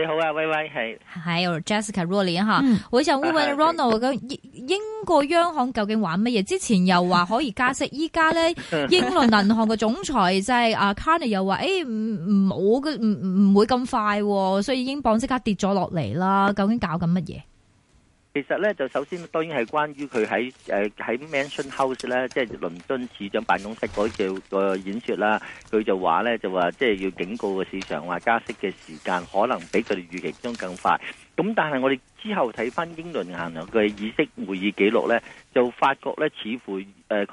你好啊，威威係係 Jessica Rolly 哈， 我想問問 Ronald，咁英國央行究竟玩乜嘢？之前又話可以加息，依家咧，英倫銀行嘅總裁即係阿 Carney 又話，誒唔唔好嘅唔唔會咁快，哦，所以英鎊即刻跌咗落嚟啦。究竟搞緊乜嘢？其實咧，就首先當然係關於佢喺誒喺 Mansion House 咧，即係倫敦市長辦公室嗰度個演說啦，佢就話咧，就話即係要警告個市場話，加息嘅時間可能比佢哋預期中更快。咁但係我哋。之後睇翻英倫銀行嘅議息會議記錄呢，就發覺呢，似乎誒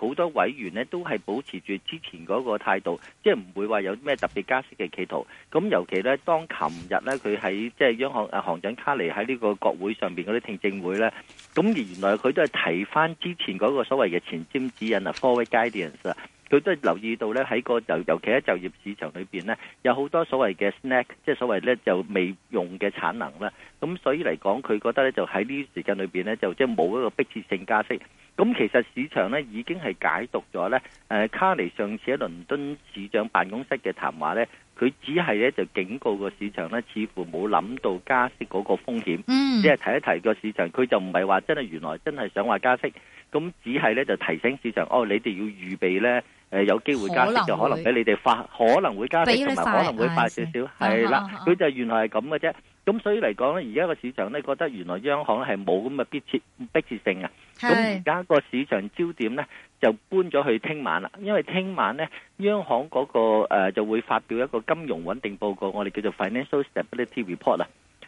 好多委員呢都係保持住之前嗰個態度，即係唔會話有咩特別加息嘅企圖。咁尤其呢，當琴日呢，佢喺即係央行誒行長卡尼喺呢個國會上邊嗰啲聽證會呢，咁原來佢都係睇翻之前嗰個所謂嘅前瞻指引啊 forward guidance 啊。佢都係留意到呢，喺個就尤其喺就業市場裏邊呢，有好多所謂嘅 snack，即係所謂呢就未用嘅產能啦。咁所以嚟講，佢覺得呢就喺呢啲時間裏邊呢，就即係冇一個迫切性加息。咁其實市場呢已經係解讀咗呢。誒卡尼上次喺倫敦市長辦公室嘅談話呢，佢只係呢就警告個市場呢，似乎冇諗到加息嗰個風險。嗯。即係提一提個市場，佢就唔係話真係原來真係想話加息。咁只係呢就提醒市場，哦，你哋要預備呢。誒有機會加息就可能俾你哋發，可能會加息同埋可能會快少少，係啦，佢就原來係咁嘅啫。咁所以嚟講呢，而家個市場呢覺得原來央行係冇咁嘅迫切迫切性嘅。咁而家個市場焦點呢就搬咗去聽晚啦，因為聽晚呢央行嗰個誒就會發表一個金融穩定報告，我哋叫做 Financial Stability Report 啊。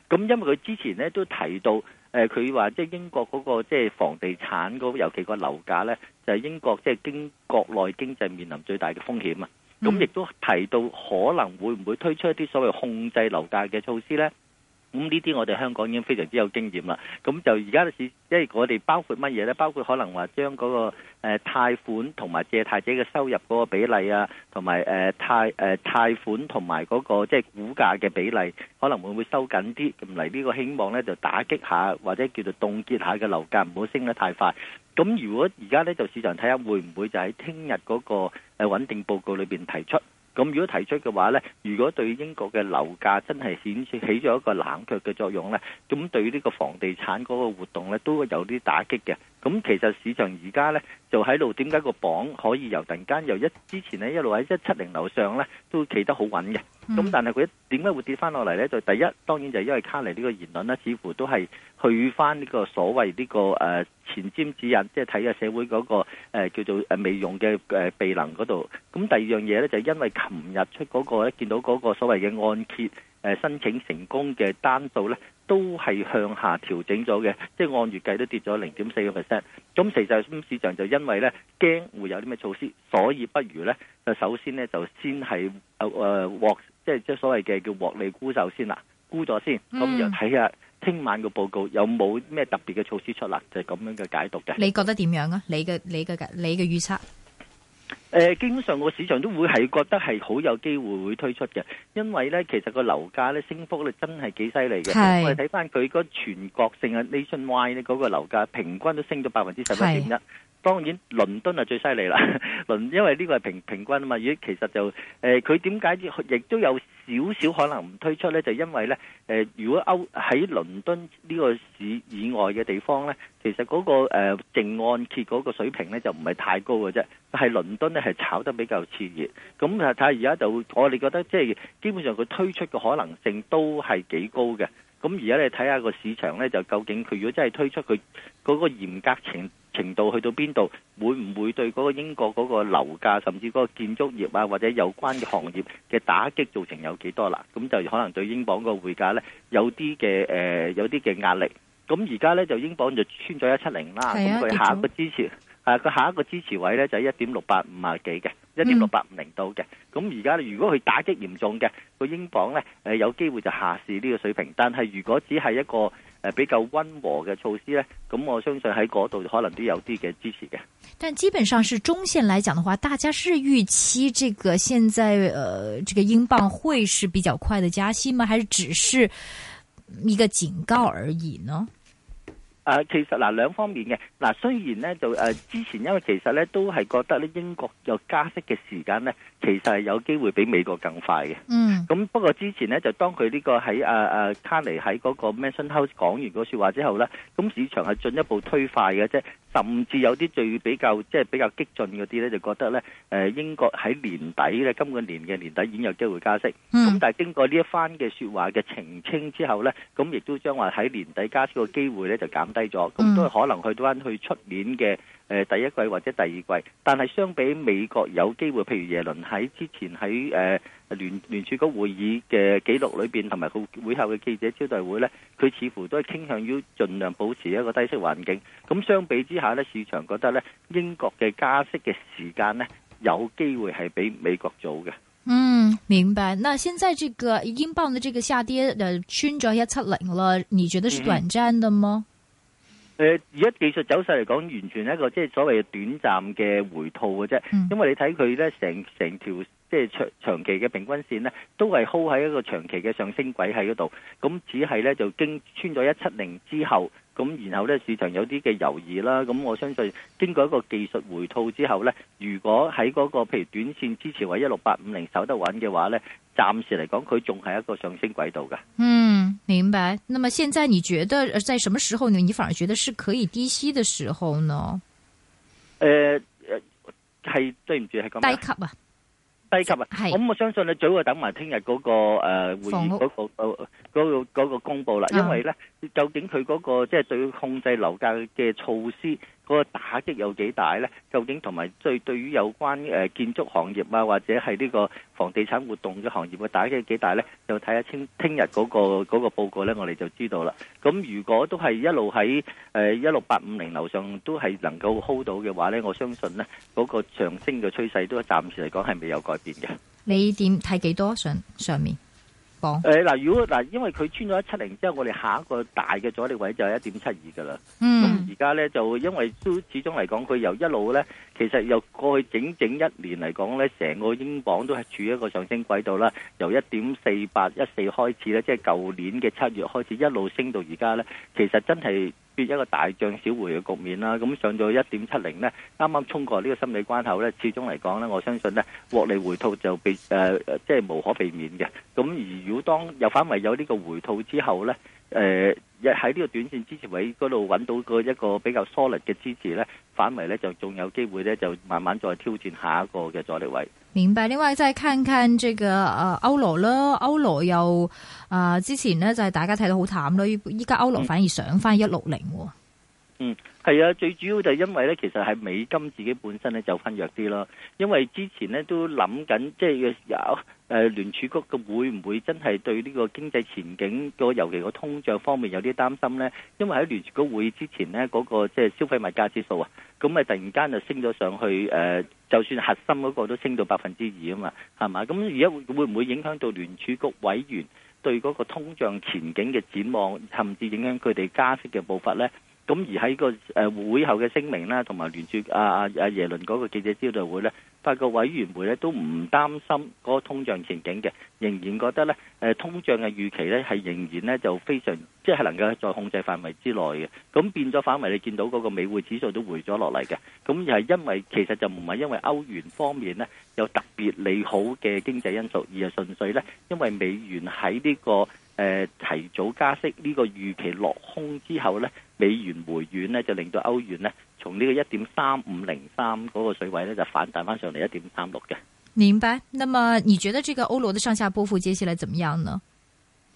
咁因為佢之前咧都提到，誒佢話即係英國嗰個即係房地產嗰，尤其個樓價咧，就係英國即係經國內經濟面臨最大嘅風險啊！咁亦都提到可能會唔會推出一啲所謂控制樓價嘅措施咧？咁呢啲我哋香港已經非常之有經驗啦。咁就而家嘅市，即係我哋包括乜嘢呢？包括可能話將嗰個誒貸款同埋借貸者嘅收入嗰個比例啊，同埋誒貸誒貸款同埋嗰個即係股價嘅比例，可能會會收緊啲咁嚟呢個，希望呢就打擊下或者叫做凍結下嘅樓價，唔好升得太快。咁如果而家呢就市場睇下會唔會就喺聽日嗰個誒穩定報告裏邊提出。咁如果提出嘅話咧，如果對英國嘅樓價真係顯示起咗一個冷卻嘅作用咧，咁對呢個房地產嗰個活動咧都會有啲打擊嘅。咁其實市場而家呢，就喺度，點解個鎊可以由突然間由一之前呢一路喺一七零樓上呢，都企得好穩嘅？咁、嗯、但係佢點解會跌翻落嚟呢？就第一當然就係因為卡尼呢個言論呢，似乎都係去翻呢個所謂呢、呢個誒、呃、前瞻指引，即係睇下社會嗰、嗰個、呃、叫做誒未用嘅誒備能嗰度。咁第二樣嘢呢，就係、係、因為琴日出嗰、嗰個呢見到嗰個所謂嘅按揭。誒，申請成功嘅單數咧，都係向下調整咗嘅，即係按月計都跌咗零點四個 percent。咁其實市場就因為咧驚會有啲咩措施，所以不如咧就首先咧就先係誒誒獲即係即係所謂嘅叫獲利沽售先啦，沽咗先，咁就睇下聽晚個報告有冇咩特別嘅措施出啦，就係咁樣嘅解讀嘅。你覺得點樣啊？你嘅你嘅你嘅預測？誒，基本上個市場都會係覺得係好有機會會推出嘅，因為咧其實個樓價咧升幅咧真係幾犀利嘅。我哋睇翻佢嗰個全國性嘅 Nationwide 咧嗰個樓價平均都升咗百分之十一點一。當然倫敦係最犀利啦，倫，因為呢個係平平均啊嘛。如果其實就誒，佢點解亦都有？少少可能唔推出呢，就因為呢，呃、如果歐喺倫敦呢個市以外嘅地方呢，其實嗰、那個誒、呃、淨按揭嗰個水平呢，就唔係太高嘅啫，但係倫敦呢，係炒得比較熾熱。咁啊睇下而家就，我哋覺得即係、就是、基本上佢推出嘅可能性都係幾高嘅。咁而家你睇下個市場呢，就究竟佢如果真係推出佢嗰、那個嚴格程程度去到邊度，會唔會對嗰個英國嗰個樓價，甚至嗰個建築業啊，或者有關嘅行業嘅打擊造成有幾多啦？咁就可能對英鎊個匯價咧有啲嘅誒，有啲嘅壓力。咁而家咧就英鎊就穿咗一七零啦，咁佢、啊、下一個支持啊，佢下一個支持位咧就係一點六八五啊幾嘅，一點六八五零度嘅。咁而家如果佢打擊嚴重嘅，個英鎊咧誒有機會就下試呢個水平。但係如果只係一個。比較溫和嘅措施呢，咁我相信喺嗰度可能都有啲嘅支持嘅。但基本上是中線來講的話，大家是預期這個現在，誒、呃，這個英鎊會是比較快的加息嗎？還是只是一個警告而已呢？誒、呃，其實嗱，兩、呃、方面嘅嗱、呃，雖然呢就誒、呃，之前因為其實呢都係覺得呢，英國有加息嘅時間呢其實係有機會比美國更快嘅。嗯。咁不過之前呢，就當佢呢個喺啊啊卡尼喺嗰個 Mansion House 講完個説話之後呢，咁市場係進一步推快嘅啫。即甚至有啲最比較即係、就是、比較激進嗰啲呢，就覺得呢誒英國喺年底呢，今個年嘅年底已經有機會加息。咁、嗯、但係經過呢一番嘅説話嘅澄清之後呢，咁亦都將話喺年底加息嘅機會呢就減低咗。咁、嗯、都係可能去到翻去出年嘅。誒、呃、第一季或者第二季，但係相比美國有機會，譬如耶倫喺之前喺誒聯聯儲局會議嘅記錄裏邊，同埋佢會後嘅記者招待會呢，佢似乎都係傾向於盡量保持一個低息環境。咁相比之下呢，市場覺得呢英國嘅加息嘅時間呢，有機會係比美國早嘅。嗯，明白。那現在這個英鎊的這個下跌，呃，穿咗一七零了，你覺得是短暫的嗎？嗯誒，而家技術走勢嚟講，完全係一個即係、就是、所謂短暫嘅回吐嘅啫，因為你睇佢咧，成成條即係、就是、長長期嘅平均線咧，都係 hold 喺一個長期嘅上升軌喺嗰度，咁只係咧就經穿咗一七零之後。咁然後呢，市場有啲嘅猶豫啦。咁我相信經過一個技術回吐之後呢，如果喺嗰、那個譬如短線支持位一六八五零守得穩嘅話呢，暫時嚟講佢仲係一個上升軌道嘅。嗯，明白。那麼現在你覺得在什麼時候呢？你反而覺得是可以低吸的時候呢？誒、呃、誒，係對唔住，係咁。低級啊！低級啊！咁我相信你，最好等埋聽日嗰個誒會議嗰個嗰個嗰個公布啦，因為咧、啊、究竟佢嗰個即係對控制樓價嘅措施。嗰、那個打擊有幾大呢？究竟同埋最對於有關誒、呃、建築行業啊，或者係呢個房地產活動嘅行業嘅打擊幾大呢？就睇下聽聽日嗰個嗰、那個、報告呢，我哋就知道啦。咁如果都係一路喺誒一六八五零樓上，都係能夠 hold 到嘅話呢，我相信呢，嗰、那個上升嘅趨勢都暫時嚟講係未有改變嘅。你點睇幾多上上面榜？嗱、呃，如果嗱、呃，因為佢穿咗一七零之後，我哋下一個大嘅阻力位就係一點七二噶啦。嗯。而家咧就因為都始終嚟講，佢由一路咧。其實由過去整整一年嚟講咧，成個英鎊都係處於一個上升軌道啦。由一點四八一四開始咧，即係舊年嘅七月開始，一路升到而家咧。其實真係變一個大漲小回嘅局面啦。咁上咗一點七零咧，啱啱衝過呢個心理關口咧。始終嚟講咧，我相信咧，獲利回吐就避誒，即係無可避免嘅。咁而如果當又反圍有呢個回吐之後咧，誒喺呢個短線支持位嗰度揾到個一個比較 solid 嘅支持咧，反圍咧就仲有機會。就慢慢再挑戰下一個嘅阻力位，明白，另外再看看這個啊歐羅咯。歐羅又啊、呃、之前呢，就係大家睇到好淡咯，依家歐羅反而上返一六零喎。嗯嗯，係啊，最主要就係因為咧，其實係美金自己本身咧就分弱啲咯。因為之前呢，都諗緊，即係有誒聯儲局嘅會唔會真係對呢個經濟前景，尤其個通脹方面有啲擔心呢？因為喺聯儲局會之前呢，嗰、嗰個即係消費物價指數啊，咁啊突然間就升咗上去，誒、呃，就算核心嗰個都升到百分之二啊嘛，係嘛？咁而家會唔會影響到聯儲局委員對嗰個通脹前景嘅展望，甚至影響佢哋加息嘅步伐呢？咁而喺個誒會後嘅聲明啦，同埋聯儲阿阿阿耶倫嗰個記者招待會呢，發覺委員會呢都唔擔心嗰個通脹前景嘅，仍然覺得呢，誒通脹嘅預期呢係仍然呢就非常即係、就是、能夠在控制範圍之內嘅。咁變咗反為你見到嗰個美匯指數都回咗落嚟嘅。咁係因為其實就唔係因為歐元方面呢有特別利好嘅經濟因素，而係純粹呢，因為美元喺呢、這個誒、呃、提早加息呢個預期落空之後呢。美元回軟呢，就令到歐元呢，從呢個一點三五零三嗰個水位呢，就反彈翻上嚟一點三六嘅。明白。那麼，你覺得這個歐羅的上下波幅接下來怎麼樣呢？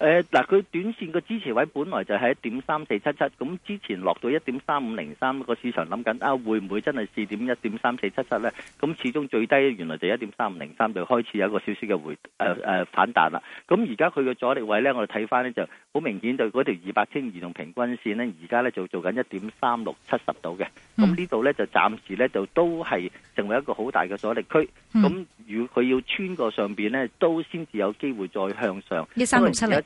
誒、呃、嗱，佢短線嘅支持位本來就喺一點三四七七，咁之前落到一點三五零三，個市場諗緊啊，會唔會真係試點一點三四七七呢？咁始終最低原來就一點三五零三就開始有一個少少嘅回誒誒、呃、反彈啦。咁而家佢嘅阻力位呢，我哋睇翻呢就好明顯就嗰條二百天移動平均線呢，而家呢就做緊一點三六七十度嘅。咁呢度呢，就暫時呢，就都係成為一個好大嘅阻力區。咁如果佢要穿過上邊呢，都先至有機會再向上。一三六七零。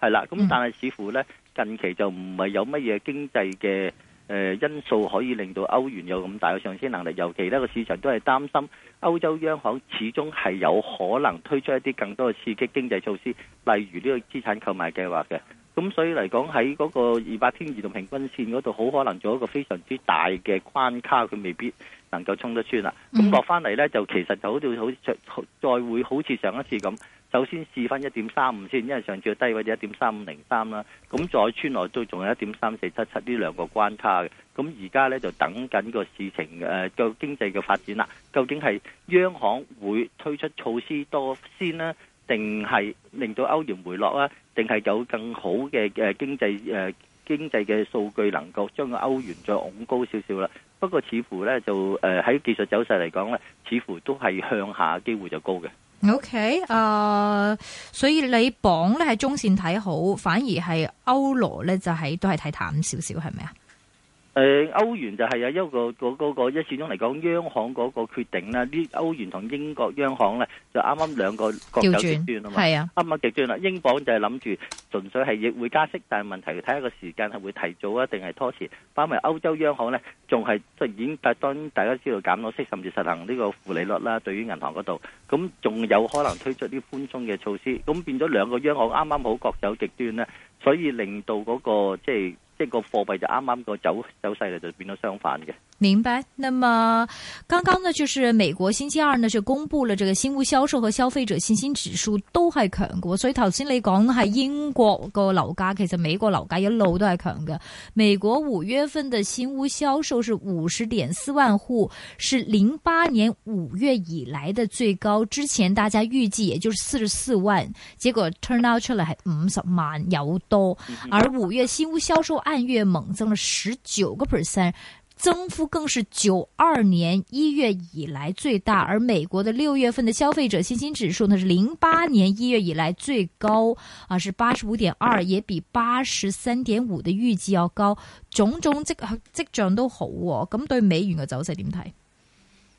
係啦，咁但係似乎呢，近期就唔係有乜嘢經濟嘅誒因素可以令到歐元有咁大嘅上升能力，尤其呢個市場都係擔心歐洲央行始終係有可能推出一啲更多嘅刺激經濟措施，例如呢個資產購買計劃嘅。咁所以嚟講喺嗰個二百天移動平均線嗰度，好可能做一個非常之大嘅關卡，佢未必能夠衝得穿啦。咁落翻嚟呢，就其實就好似好似再會好似上一次咁。首先試分一點三五先，因為上次低位係一點三五零三啦。咁再穿內都仲有一點三四七七呢兩個關卡嘅。咁而家呢，就等緊個事情誒嘅、呃、經濟嘅發展啦。究竟係央行會推出措施多先呢？定係令到歐元回落啊？定係有更好嘅誒經濟誒、呃、經濟嘅數據能夠將個歐元再拱高少少啦？不過似乎呢，就誒喺、呃、技術走勢嚟講呢，似乎都係向下機會就高嘅。OK，啊、uh，所以你鎊咧係中線睇好，反而係歐羅咧就係都係睇淡少少，係咪啊？誒歐元就係有一個嗰嗰個一始終嚟講，央行嗰個決定啦。呢歐元同英國央行咧，就啱啱兩個各有極端啊嘛，係啊，啱啱極端啦。英鎊就係諗住純粹係會加息，但係問題睇下個時間係會提早啊定係拖遲。包埋歐洲央行咧，仲係即係已經，但當然大家知道減咗息，甚至實行呢個負利率啦。對於銀行嗰度，咁仲有可能推出啲寬鬆嘅措施。咁變咗兩個央行啱啱好各有極端咧，所以令到嗰個即係。即、這個貨幣就啱啱個走走勢就變到相反嘅。明白。那麼剛剛呢，就是美國星期二呢，就公布了這個新屋銷售和消費者信心指數都係強過。所以頭先你講係英國個樓價，其實美國樓價一路都係強嘅。美國五月份的新屋銷售是五十點四萬戶，是零八年五月以來的最高。之前大家預計也就是四十四萬，結果 turn out 出嚟係五十萬有多。而五月新屋銷售。按月猛增了十九個 percent，增幅更是九二年一月以來最大。而美國的六月份的消費者信心指數呢，是零八年一月以來最高，啊，是八十五點二，也比八十三點五的預計要高。種種迹迹象都好哦，咁對美元嘅走勢點睇？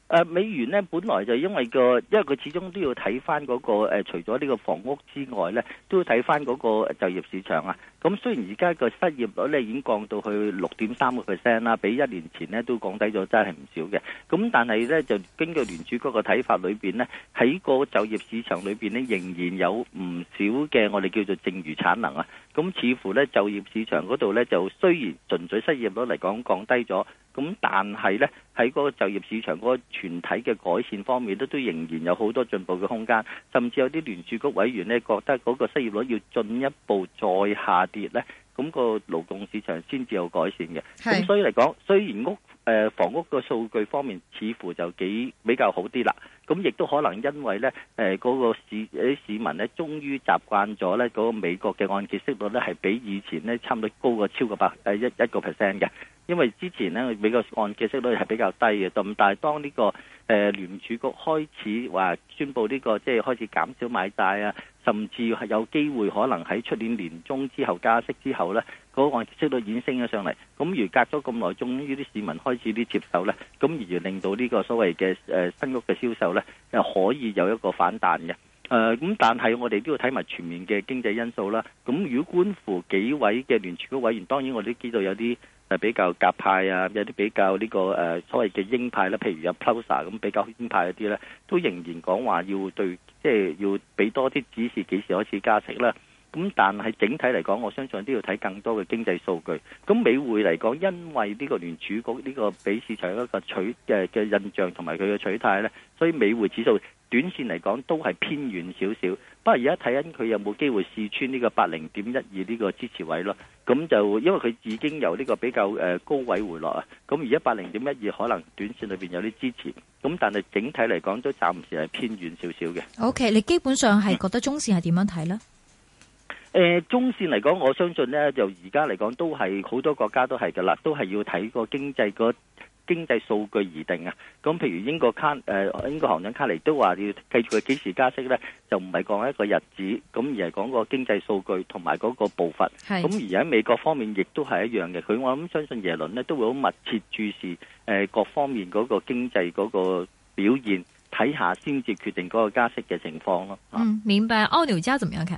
呃，美元呢本來就因為個，因為佢始終都要睇翻嗰個，呃，除咗呢個房屋之外呢，都要睇翻嗰個就業市場啊。咁雖然而家個失業率呢已經降到去六點三個 percent 啦，比一年前呢都降低咗，真係唔少嘅。咁但係呢，就根據聯儲局嘅睇法裡面，裏邊呢，喺個就業市場裏邊呢，仍然有唔少嘅我哋叫做剩餘產能啊。咁似乎呢，就業市場嗰度呢，就雖然純粹失業率嚟講降低咗，咁但係呢，喺嗰個就業市場嗰個全體嘅改善方面都都仍然有好多進步嘅空間。甚至有啲聯儲局委員呢，覺得嗰個失業率要進一步再下，跌咧，咁個勞動市場先至有改善嘅。咁所以嚟講，雖然屋誒房屋嘅數據方面似乎就幾比較好啲啦，咁亦都可能因為咧誒嗰個市啲市民咧，終於習慣咗咧嗰個美國嘅按揭息率咧，係比以前咧差唔多高過超過百誒一一個 percent 嘅。因為之前咧美國按揭息率係比較低嘅，咁但係當呢個誒聯儲局開始話宣布呢個即係開始減少買債啊。甚至係有機會，可能喺出年年中之後加息之後咧，嗰個按揭息率已經升咗上嚟。咁而隔咗咁耐，終於啲市民開始啲接受呢。咁而令到呢個所謂嘅誒新屋嘅銷售呢，又可以有一個反彈嘅。誒、呃、咁，但係我哋都要睇埋全面嘅經濟因素啦。咁如果觀乎幾位嘅聯儲局委員，當然我哋都知道有啲。比較鴿派啊，有啲比較呢、呢個誒、呃、所謂嘅鷹派啦，啊，譬如有 Plosser 咁比較鷹派一啲咧，都仍然講話要對，即係要俾多啲指示幾時開始加息啦。咁，但係整體嚟講，我相信都要睇更多嘅經濟數據。咁美匯嚟講，因為呢個聯儲局呢個俾市場一個取誒嘅印象，同埋佢嘅取態呢，所以美匯指數短線嚟講都係偏遠少少。不過而家睇緊佢有冇機會試穿呢個八零點一二呢個支持位咯。咁就因為佢已經由呢個比較誒高位回落啊，咁而家八零點一二可能短線裏邊有啲支持。咁但係整體嚟講都暫時係偏遠少少嘅。OK，你基本上係覺得中線係點樣睇呢？ 誒中線嚟講，我相信呢，就而家嚟講都係好多國家都係嘅啦，都係要睇個經濟個經濟數據而定啊。咁譬如英國卡誒、呃、英國行長卡尼都話要繼續佢幾時加息呢，就唔係講一個日子咁，而係講個經濟數據同埋嗰個步伐。咁而喺美國方面亦都係一樣嘅。佢我諗相信耶倫呢都會好密切注視誒各方面嗰個經濟嗰個表現，睇下先至決定嗰個加息嘅情況咯。嗯，明白。澳紐加怎樣睇？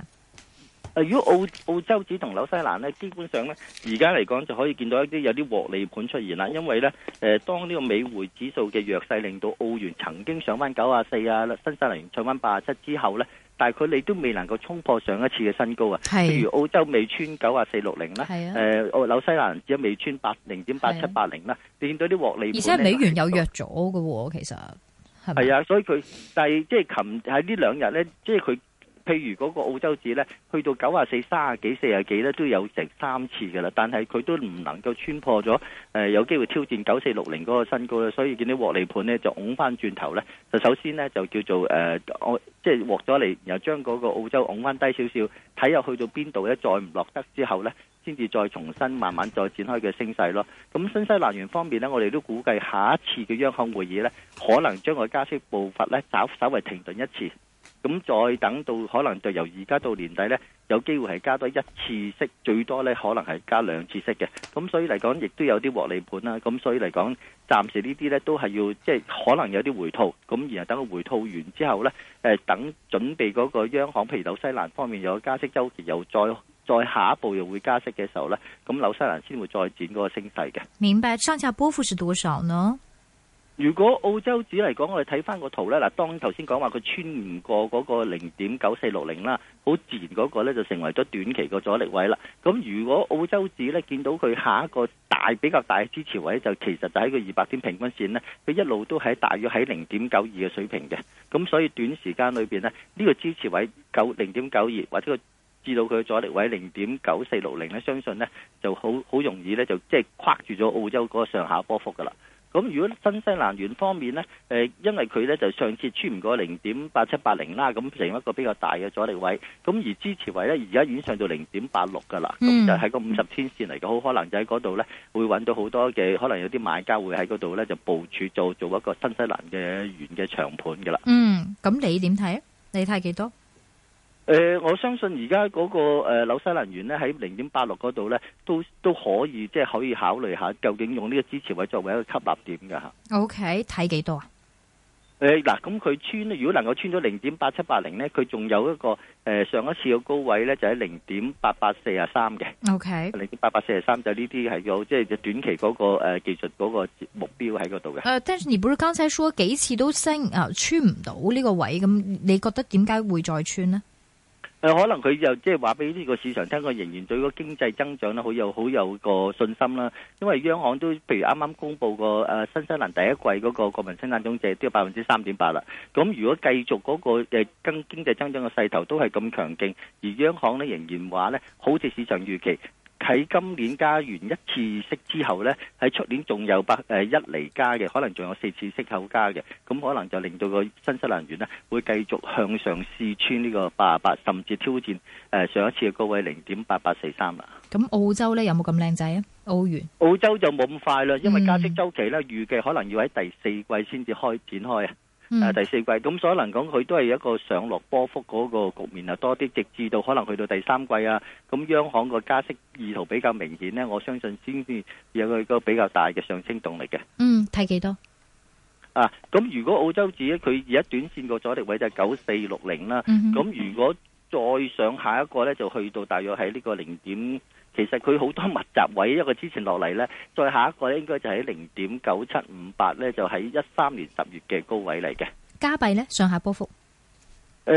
如果澳澳洲紙同紐西蘭呢，基本上呢，而家嚟講就可以見到一啲有啲獲利盤出現啦。因為呢，誒，當呢個美匯指數嘅弱勢令到澳元曾經上返九啊四啊，新西蘭元上返八啊七之後呢，但係佢哋都未能夠衝破上一次嘅新高啊。譬如澳洲未穿九啊四六零啦，誒、呃，紐西蘭紙未穿八零點八七八零啦，見到啲獲利盤。而且美元有弱咗嘅喎，其實係啊，所以佢但係即係琴喺呢兩日呢，即係佢。譬如嗰個澳洲指呢，去到九啊四、三啊幾、四啊幾呢，都有成三次嘅啦。但係佢都唔能夠穿破咗、呃，有機會挑戰九四六零嗰個新高咧。所以見到獲利盤呢，就拱翻轉頭呢。就首先呢，就叫做呃，我即係獲咗嚟，然後將嗰個澳洲拱翻低少少，睇下去到邊度呢，再唔落得之後呢，先至再重新慢慢再展開嘅升勢咯。咁新西蘭元方面呢，我哋都估計下一次嘅央行會議呢，可能將個加息步伐呢稍稍為停頓一次。咁再等到可能就由而家到年底呢，有機會係加多一次息，最多呢可能係加兩次息嘅。咁所以嚟講亦都有啲獲利盤啦、啊。咁所以嚟講暫時這些呢啲呢都係要即係、就是、可能有啲回吐。咁然後等佢回吐完之後呢，誒，等準備嗰個央行譬如紐西蘭方面有加息周期，又再再下一步又會加息嘅時候呢，咁紐西蘭先會再展嗰個升勢嘅。明白，上下波幅是多少呢？如果澳洲指嚟講，我哋睇翻個圖呢。嗱，當頭先講話佢穿唔過嗰個零點九四六零啦，好自然嗰個呢就成為咗短期個阻力位啦。咁如果澳洲指呢見到佢下一個大比較大嘅支持位，就其實就喺個二百天平均線呢，佢一路都係大約喺零點九二嘅水平嘅。咁所以短時間裏邊呢，呢、呢個支持位九零點九二或者個至到佢嘅阻力位零點九四六零呢，相信呢就好好容易呢，就即係跨住咗澳洲嗰個上下波幅噶啦。咁如果新西蘭元方面呢，誒，因為佢呢就上次穿唔過零點八七八零啦，咁成一個比較大嘅阻力位。咁而支持位呢，而家已經上到零點八六噶啦，咁就喺個五十天綫嚟嘅，好可能就喺嗰度呢，會揾到好多嘅，可能有啲買家會喺嗰度呢就部署做做一個新西蘭嘅元嘅長盤噶啦。嗯，咁你點睇啊？你睇幾多？誒、呃，我相信而家嗰個誒紐、呃、西蘭元咧，喺零點八六嗰度咧，都都可以即係可以考慮下，究竟用呢個支持位作為一個吸納點嘅吓。O K. 睇幾多少、呃、啊？誒，嗱，咁佢穿如果能夠穿咗零點八七八零咧，佢仲有一個誒、呃、上一次嘅高位咧，就喺零點八八四啊三嘅。O K. 零點八八四啊三就呢啲係有即係短期嗰、那個誒、呃、技術嗰個目標喺嗰度嘅。誒，但係你不如剛才說幾次都升啊，穿唔到呢個位，咁你覺得點解會再穿呢？誒，可能佢又即係話俾呢個市場聽，個仍然對個經濟增長咧好有好有個信心啦。因為央行都譬如啱啱公布個誒新西蘭第一季嗰個國民生產總值都有百分之三點八啦。咁如果繼續嗰個誒跟經濟增長嘅勢頭都係咁強勁，而央行呢仍然話呢，好似市場預期。喺今年加完一次息之後呢，喺出年仲有百誒一厘加嘅，可能仲有四次息口加嘅，咁可能就令到個新西蘭元呢會繼續向上試穿呢個八啊八，甚至挑戰誒上一次嘅高位零點八八四三。咁澳洲呢有冇咁靚仔啊？澳元澳洲就冇咁快啦，因為加息周期呢預計可能要喺第四季先至開展開啊。啊、嗯！第四季咁，所能講佢都係一個上落波幅嗰個局面啊，多啲直至到可能去到第三季啊，咁央行個加息意圖比較明顯呢，我相信先至有佢個比較大嘅上升動力嘅。嗯，睇幾多啊？咁如果澳洲紙佢而家短線個阻力位就係九四六零啦，咁、嗯、如果再上下一個呢，就去到大約喺呢個零點。其實佢好多密集位一個支持落嚟呢，再下一個咧，應該就喺零點九七五八呢，就喺一三年十月嘅高位嚟嘅。加幣呢上下波幅，誒、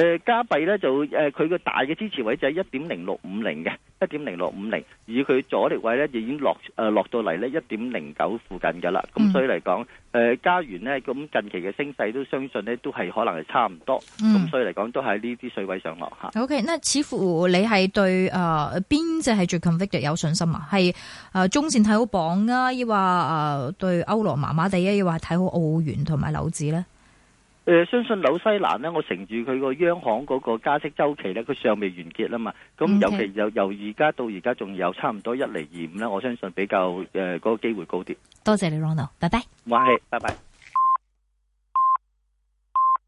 呃，加幣呢就誒，佢、呃、個大嘅支持位就係一點零六五零嘅。一點零六五零，而佢阻力位咧，已經落誒落到嚟呢一點零九附近噶啦。咁、嗯、所以嚟講，誒加元呢咁近期嘅升勢都相信呢都係可能係差唔多。咁、嗯、所以嚟講，都喺呢啲水位上落吓。O、okay, K，那似乎你係對誒邊隻係最 convicted 有信心啊？係誒中線睇好鎊啊，抑或誒對歐羅麻麻地啊，抑或睇好澳元同埋紐幣咧？誒、呃，相信紐西蘭咧，我乘住佢個央行嗰個加息周期咧，佢尚未完結啦嘛，咁尤其由、Okay. 由而家到而家仲有差唔多一厘二五咧，我相信比較誒嗰、呃那個機會高啲。多謝你，Ronald，拜拜。唔該，係，拜拜。